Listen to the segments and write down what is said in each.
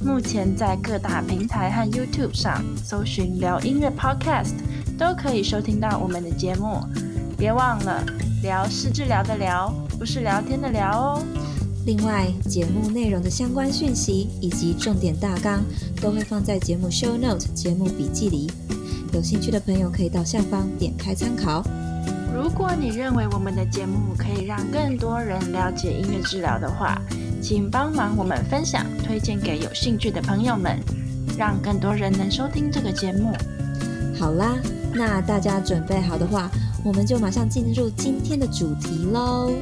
目前在各大平台和 YouTube 上搜尋“療音樂 Podcast”，都可以收聽到我們的節目。別忘了，療是治療的療，不是聊天的聊哦。另外，節目內容的相關訊息以及重點大綱都會放在節目 Show Note 節目筆記裡，有興趣的朋友可以到下方點開參考。如果你認為我們的節目可以讓更多人了解音樂治療的話，請幫忙我們分享推薦給有興趣的朋友們，讓更多人能收聽這個節目。好啦，那大家準備好的話，我們就馬上進入今天的主題嘍。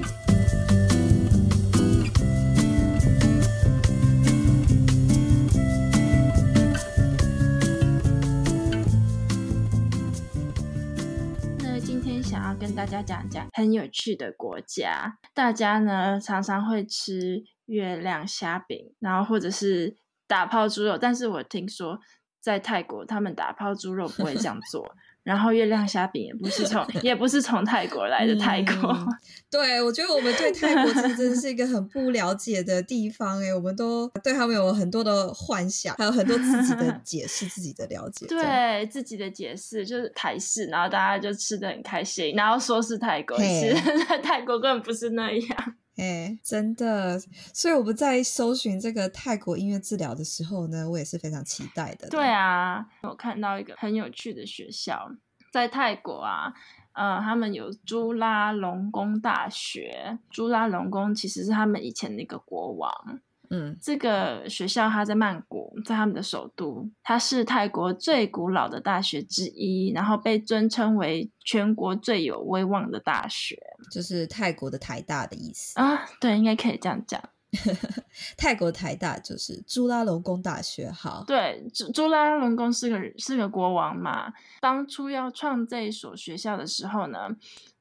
那今天想要跟大家講講很有趣的國家，大家呢常常會吃。月亮蝦餅，然後或者是打拋豬肉，但是我聽說在泰國，他們打拋豬肉不會這樣做， 然後月亮蝦餅也不是從， 也不是從泰國來的泰國。嗯、對，我覺得我們對泰國其實真的是一個很不了解的地方，哎， 我們都對他們有很多的幻想，還有很多自己的解釋、自己的了解，對自己的解釋就是台式，然後大家就吃得很開心，然後說是泰國，Hey. 其實在泰國根本不是那樣。哎，hey, 真的，所以我們在搜尋這個泰國音樂治療的時候呢，我也是非常期待的。對，對啊，我看到一個很有趣的學校，在泰國啊，呃，他們有朱拉隆功大學。朱拉隆功其實是他們以前那個國王。嗯，這個學校它在曼谷，在他們的首都，它是泰國最古老的大學之一，然後被尊稱為全國最有威望的大學，就是泰國的台大的意思啊，對，應該可以這樣講， 泰國台大就是朱拉隆功大學，哈，對，朱，朱拉隆功是個是個國王嘛，當初要創這一所學校的時候呢。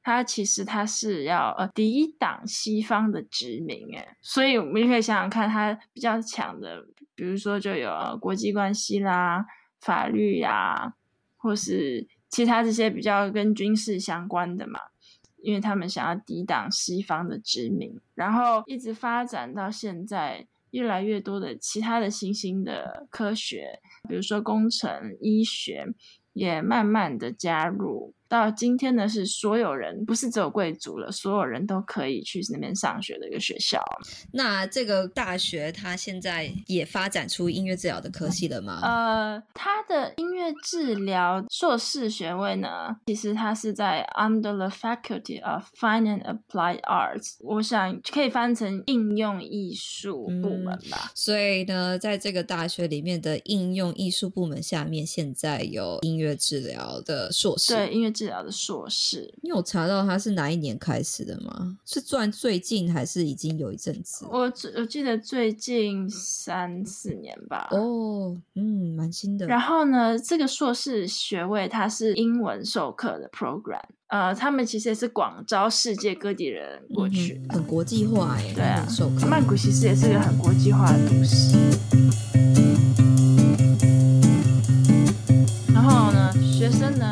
它其實它是要呃抵擋西方的殖民誒，所以我們也可以想想看，它比較強的，比如說就有國際關係啦、法律呀、啊，或是其他這些比較跟軍事相關的嘛，因為他們想要抵擋西方的殖民，然後一直發展到現在，越來越多的其他的新興的科學，比如說工程、醫學，也慢慢的加入。到今天呢，是所有人，不是只有貴族了，所有人都可以去那邊上學的一個學校。那這個大學它現在也發展出音樂治療的科系了嗎？呃，它的音樂治療碩士學位呢，其實它是在 Under the Faculty of Fine and Applied Arts，我想可以翻成應用藝術部門吧。嗯，所以呢，在這個大學裡面的應用藝術部門下面，現在有音樂治療的碩士，對，音樂治療。治療的碩士，你有查到他是哪一年開始的嗎？是算最近還是已經有一陣子？我我記得最近三四年吧。哦，oh, 嗯，蠻新的。然後呢，這個碩士學位它是英文授課的 program，呃，他們其實也是廣招世界各地人過去、嗯，很國際化。對啊，曼谷其實也是一個很國際化的都市。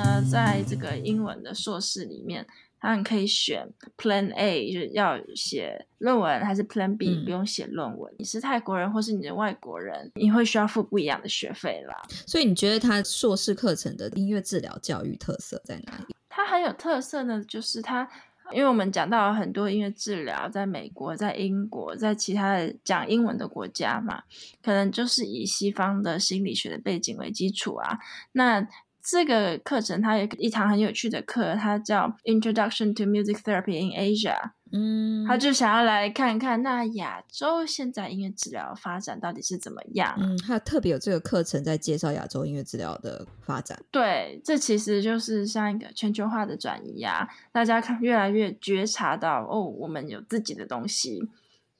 呃，在這個英文的碩士裡面，他們可以選 Plan A，就是要寫論文，還是 Plan B 不用寫論文？嗯。你是泰國人或是你的外國人，你會需要付不一樣的學費啦。所以你覺得他碩士課程的音樂治療教育特色在哪裡？它，很有特色呢，就是它，因為我們講到很多音樂治療，在美國、在英國、在其他的講英文的國家嘛，可能就是以西方的心理學的背景為基礎啊，那。這個課程它有一堂很有趣的課，它叫 Introduction to Music Therapy in Asia。嗯，他就想要來看看那亞洲現在音樂治療發展到底是怎麼樣？嗯，他特別有這個課程在介紹亞洲音樂治療的發展。對，這其實就是像一個全球化的轉移啊，大家看越來越覺察到，哦，我們有自己的東西。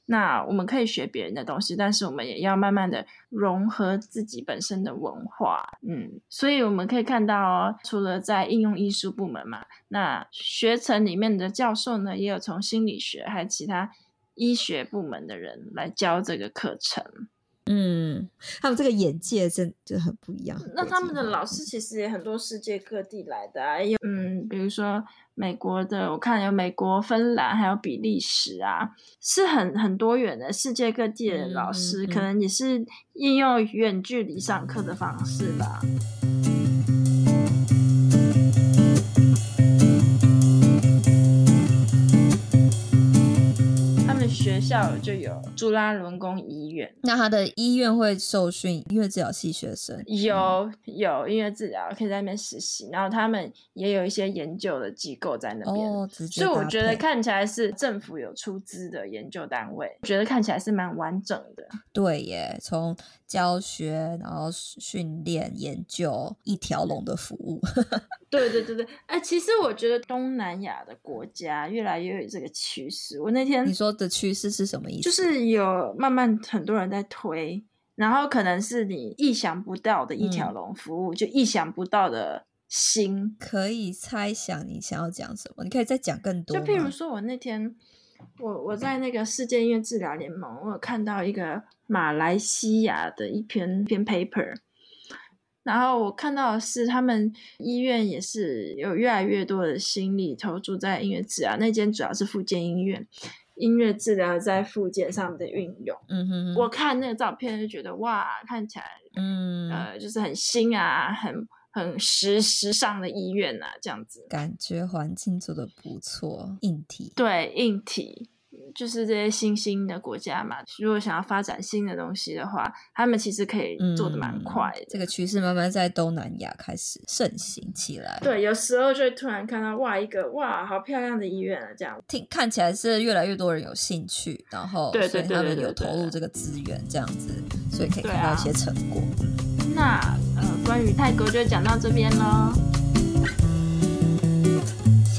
那我們可以學別人的東西，但是我們也要慢慢的融合自己本身的文化，嗯，所以我們可以看到，哦，除了在應用藝術部門嘛，那學程裡面的教授呢，也有從心理學還有其他醫學部門的人來教這個課程。嗯，他們這個眼界真就很不一樣。那他們的老師其實也很多，世界各地來的啊，有嗯，比如說美國的，我看有美國、芬蘭還有比利時啊，是很很多元的，世界各地的老師，嗯嗯嗯、可能也是應用遠距離上課的方式吧。下午就有朱拉隆功醫院，那他的醫院會受訓音樂治療系學生，有有音樂治療可以在那邊實習，然後他們也有一些研究的機構在那邊，哦、直所以我覺得看起來是政府有出資的研究單位，覺得看起來是蠻完整的。對耶，從教學然後訓練研究一條龍的服務，對 對對對，哎、欸，其實我覺得東南亞的國家越來越有這個趨勢。我那天你說的趨勢。是什麼意思？就是有慢慢很多人在推，然後可能是你意想不到的一條龍服務，嗯、就意想不到的心。可以猜想你想要講什麼，你可以再講更多。就譬如說，我那天我我在那個世界音樂治療聯盟，我有看到一個馬來西亞的一篇一篇 paper，然後我看到的是他們醫院也是有越來越多的心理投注在音樂治療那間，主要是復健醫院。音樂治療在復健上的運用，嗯哼，我看那個照片就覺得哇，看起來，嗯，呃，就是很新啊，很很時時尚的醫院吶，這樣子，感覺環境做的不錯，硬體，對，硬體。就是這些新興的國家嘛，如果想要發展新的東西的話，他們其實可以做得蠻快的。嗯，這個趨勢慢慢在東南亞開始盛行起來。對，有時候就會突然看到哇，一個哇好漂亮的醫院啊，這樣聽看起來是越來越多人有興趣，然後對對，對，對，對，對，對他們有投入這個資源，這樣子，所以可以看到一些成果。啊、那呃，關於泰國就講到這邊咯。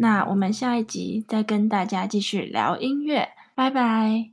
那我們下一集再跟大家繼續聊音樂，拜拜。